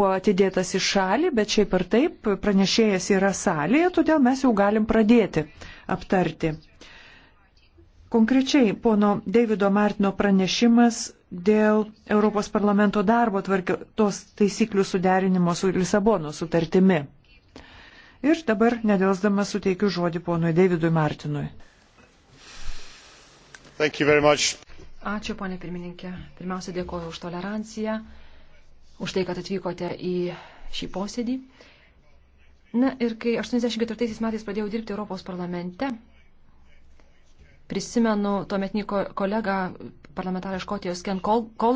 buvo atidėtas į šalį, bet šiaip ir taip pranešėjas yra salėje, todėl mes jau galim pradėti aptarti. Konkrečiai pono Davido Martino pranešimas dėl Europos parlamento darbo tvarkos taisyklių suderinimo su Lisabono sutartimi. Ir dabar nedelsdamas suteikiu žodį ponui Davidui Martinui. Ačiū, ponė pirmininkė. Pirmiausia, dėkoju už toleranciją už tai, kad atvykote į šį posėdį. Na ir kai 84 metais pradėjau dirbti Europos parlamente, prisimenu tuometinį kolegą parlamentarą Škotijos Ken Kola.